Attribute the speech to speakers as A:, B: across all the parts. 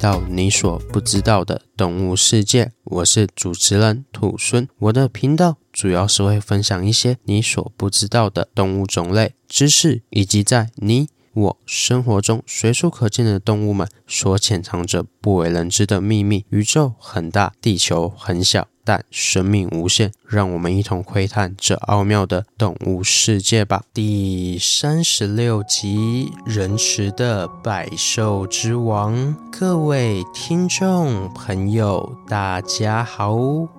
A: 到你所不知道的動物世界，我是主持人兔猻。我的頻道主要是會分享一些你所不知道的動物種類知識，以及在你我生活中隨處可見的動物們所潛藏着不為人知的秘密。宇宙很大，地球很小。但生命無限，讓我們一同窺探這奧妙的動物世界吧。第三十六集：仁慈的百獸之王。各位聽眾朋友，大家好，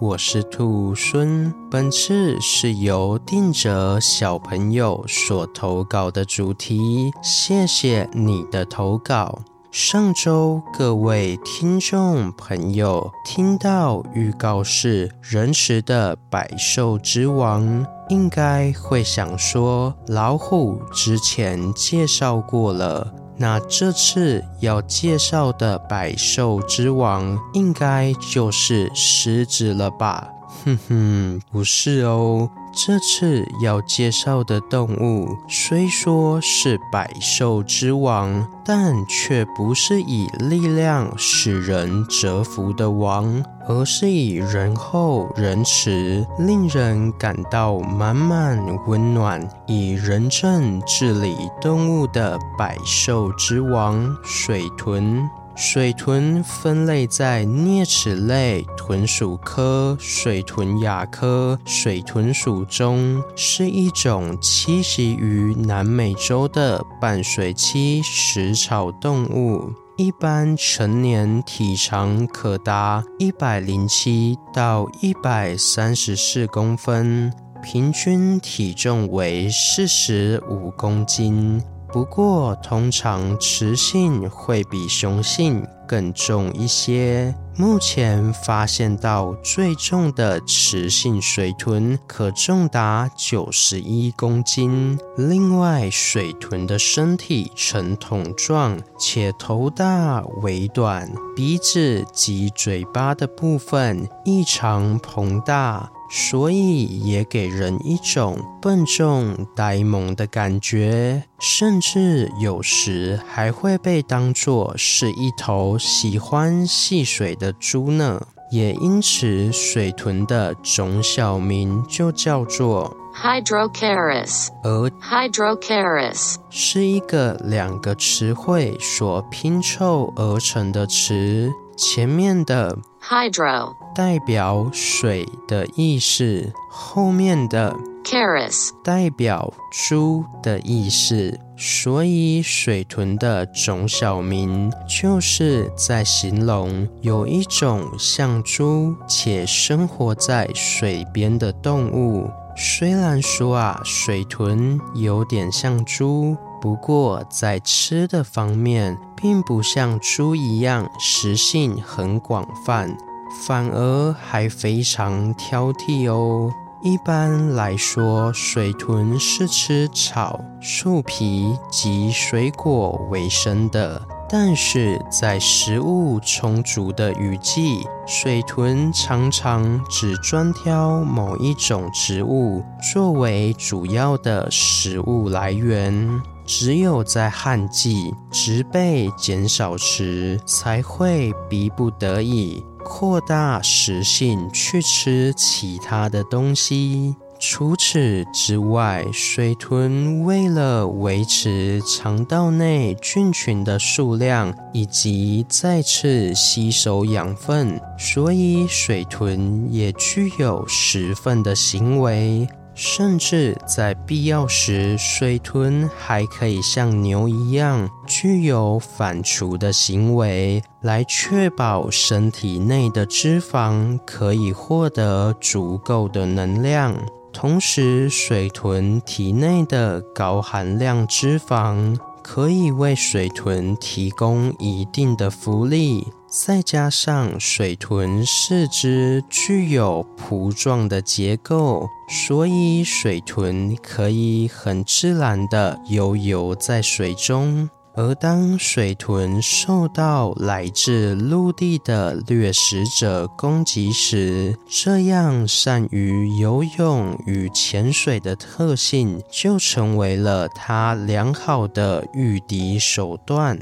A: 我是兔猻。本次是由定哲小朋友所投稿的主題，謝謝你的投稿。上週各位聽眾朋友聽到預告是仁慈的百獸之王，應該會想說老虎之前介紹過了，那這次要介紹的百獸之王應該就是獅子了吧？哼哼，不是哦。這次要介紹的動物，雖說是百獸之王，但卻不是以力量使人折服的王，而是以仁厚仁慈，令人感到滿滿溫暖，以仁政治理動物的百獸之王——水豚。水豚分類在齧齒類豚鼠科水豚亞科水豚屬中，是一種棲息於南美洲的半水棲食草動物。一般成年體長可達一百零七到一百三十四公分，平均體重為四十五公斤。不過，通常雌性會比雄性更重一些。目前發現到最重的雌性水豚可重達九十一公斤。另外，水豚的身體呈桶狀，且頭大尾短，鼻子及嘴巴的部分異常膨大。所以也給人一種笨重呆萌的感覺，甚至有時還會被當作是一頭喜歡戲水的豬呢。也因此，水豚的種小名就叫做 Hydrochaeris，而 Hydrochaeris 是一個兩個詞彙所拼湊而成的詞，前面的 Hydro。代表水的意思，後面的 carus 代表豬的意思，所以水豚的種小名就是在形容有一種像豬且生活在水邊的動物。雖然說啊，水豚有點像豬，不過在吃的方面，並不像豬一樣食性很廣泛。反而還非常挑剔哦。一般來說，水豚是吃草、樹皮及水果為生的。但是在食物充足的雨季，水豚常常只專挑某一種植物作為主要的食物來源。只有在旱季，植被減少時，才會逼不得已，擴大食性去吃其他的東西。除此之外，水豚為了維持腸道內菌群的數量以及再次吸收養分，所以水豚也具有食糞的行為。甚至在必要時，水豚還可以像牛一樣，具有反芻的行為，來確保身體內的脂肪可以獲得足夠的能量。同時，水豚體內的高含量脂肪可以為水豚提供一定的浮力。再加上水豚四肢具有蹼狀的結構，所以水豚可以很自然地游泳在水中。而當水豚受到來自陸地的掠食者攻擊時，這樣善於游泳與潛水的特性就成為了它良好的御敵手段。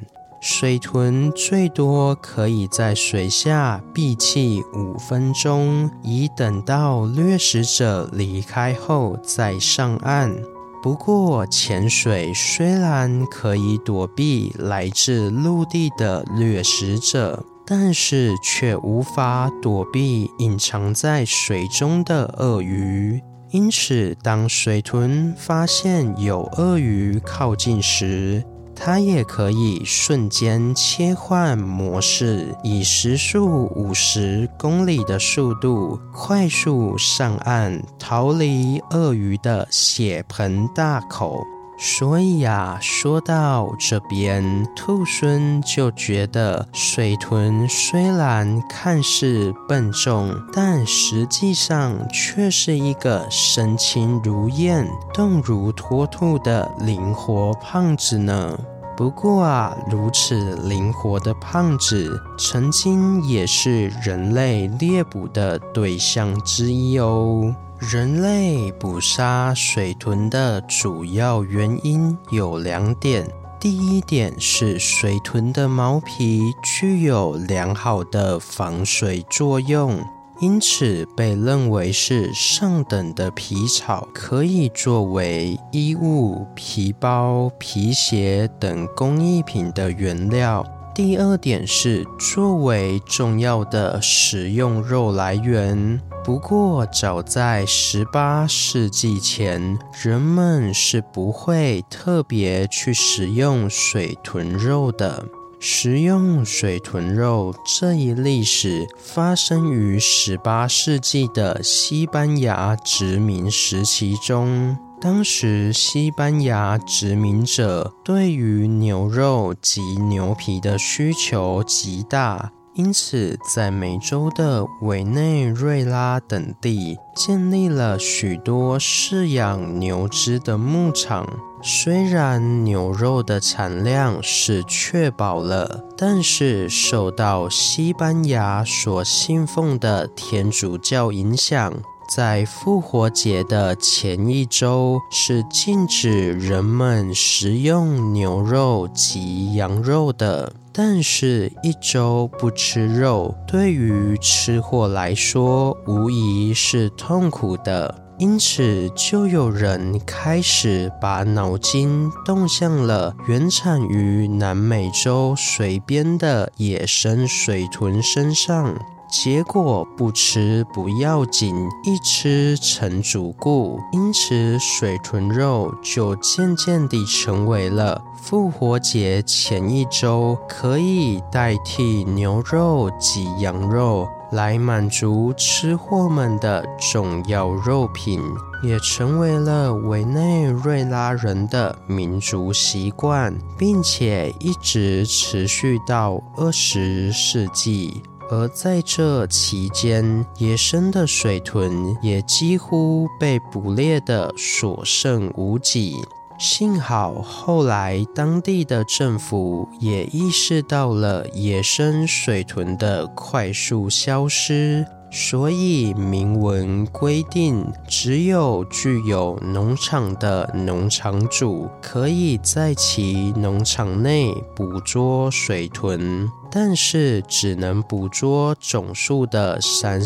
A: 水豚最多可以在水下閉氣五分鐘，以等到掠食者離開後再上岸。不過，潛水雖然可以躲避來自陸地的掠食者，但是卻無法躲避隱藏在水中的鱷魚。因此，當水豚發現有鱷魚靠近時，它也可以瞬間切換模式，以時速五十公里的速度快速上岸，逃離鱷魚的血盆大口。所以呀、啊，說到這邊，兔猻就覺得水豚雖然看似笨重，但實際上卻是一個身輕如燕、動如脫兔的靈活胖子呢。不過啊，如此靈活的胖子，曾經也是人類獵捕的對象之一哦。人類捕殺水豚的主要原因有兩點，第一點是水豚的毛皮具有良好的防水作用。因此被認為是上等的皮草，可以作為衣物、皮包、皮鞋等工藝品的原料。第二點是作為重要的食用肉來源。不過，早在十八世紀前，人們是不會特別去食用水豚肉的。食用水豚肉這一歷史發生於十八世紀的西班牙殖民時期中，當時西班牙殖民者對於牛肉及牛皮的需求極大。因此，在美洲的委內瑞拉等地建立了許多飼養牛只的牧場。雖然牛肉的產量是確保了，但是受到西班牙所信奉的天主教影響。在復活節的前一周是禁止人們食用牛肉及羊肉的，但是一周不吃肉對於吃貨來說無疑是痛苦的，因此就有人開始把腦筋動向了原產於南美洲水邊的野生水豚身上。結果不吃不要緊，一吃成主顧。因此，水豚肉就漸漸地成為了復活節前一周可以代替牛肉及羊肉來滿足吃貨們的重要肉品，也成為了委內瑞拉人的民族習慣，並且一直持續到二十世紀。而在這期間，野生的水豚也幾乎被捕獵的所剩無幾。幸好後來當地的政府也意識到了野生水豚的快速消失，所以明文規定，只有具有農場的農場主可以在其農場內捕捉水豚。但是只能捕捉總數的百分之三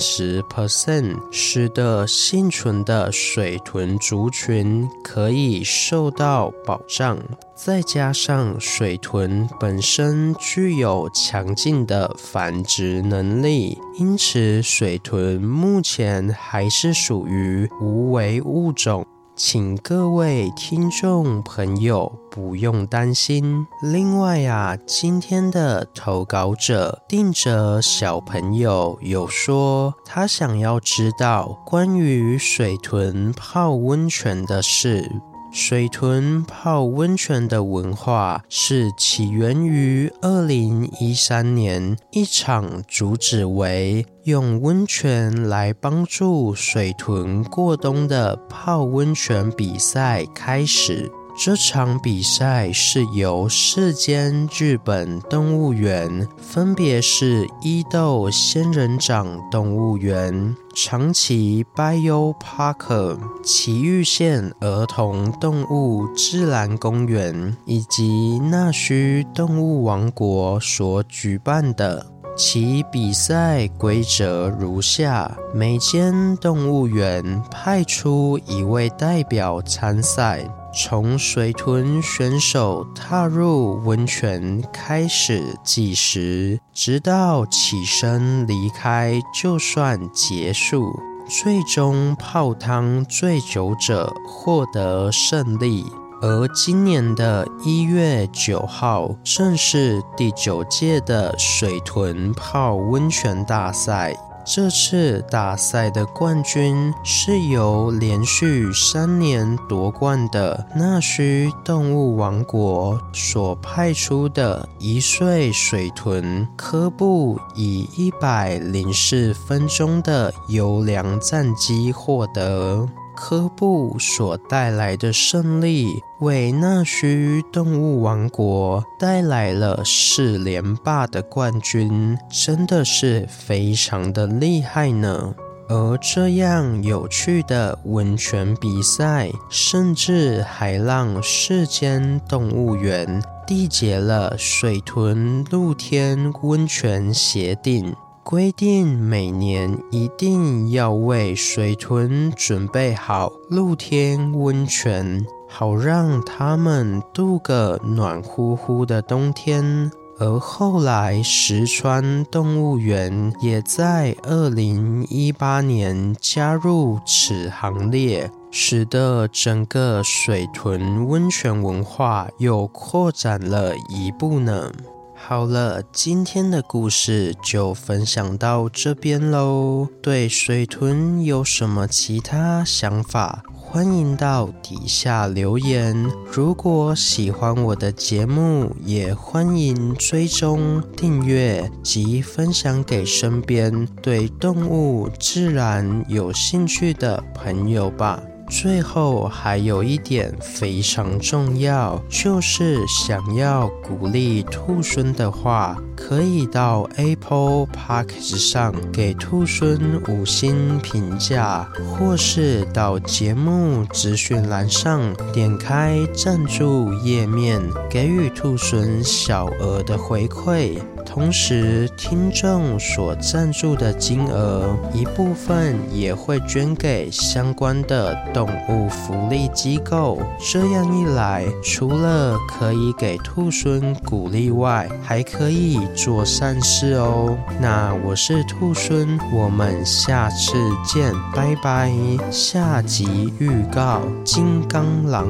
A: 十，使得倖存的水豚族群可以受到保障。再加上水豚本身具有強勁的繁殖能力，因此水豚目前還是屬於無危物種。請各位聽眾朋友不用擔心。另外啊，今天的投稿者訂者小朋友有說，他想要知道關於水豚泡溫泉的事。水豚泡溫泉的文化是起源於二零一三年，一場主旨為用溫泉來幫助水豚過冬的泡溫泉比賽開始。這場比賽是由四間日本動物園，分別是伊豆仙人掌動物園、長崎 Bio Park、埼玉縣兒童動物自然公園以及那須動物王國所舉辦的。其比賽規則如下：每間動物園派出一位代表參賽，從水豚選手踏入溫泉開始計時，直到起身離開就算結束。最終泡湯最久者獲得勝利。而今年的一月九號，正是第九屆的水豚泡溫泉大賽。這次大賽的冠軍是由連續三年奪冠的那須動物王國所派出的一歲水豚科布，以一百零四分鐘的優良戰績獲得。科布所帶來的勝利，為那須動物王國帶來了四連霸的冠軍，真的是非常的厲害呢。而這樣有趣的溫泉比賽，甚至還讓世間動物園締結了水豚露天溫泉協定。規定每年一定要為水豚準備好露天溫泉，好讓它們度個暖乎乎的冬天。而後來石川動物園也在二零一八年加入此行列，使得整個水豚溫泉文化又擴展了一步呢。好了，今天的故事就分享到這邊嘍。對水豚有什麼其他想法？歡迎到底下留言。如果喜歡我的節目，也歡迎追蹤訂閱及分享給身邊對動物自然有興趣的朋友吧。最後還有一點非常重要，就是想要鼓勵兔猻的話，可以到 Apple Podcast 上給兔猻五星評價，或是到節目資訊欄上點開贊助頁面，給予兔猻小額的回饋。同時，聽眾所贊助的金額一部分也會捐給相關的動物福利機構。這樣一來，除了可以給兔猻鼓勵外，還可以做善事哦。那我是兔猻，我們下次見，拜拜。下集預告：金剛狼。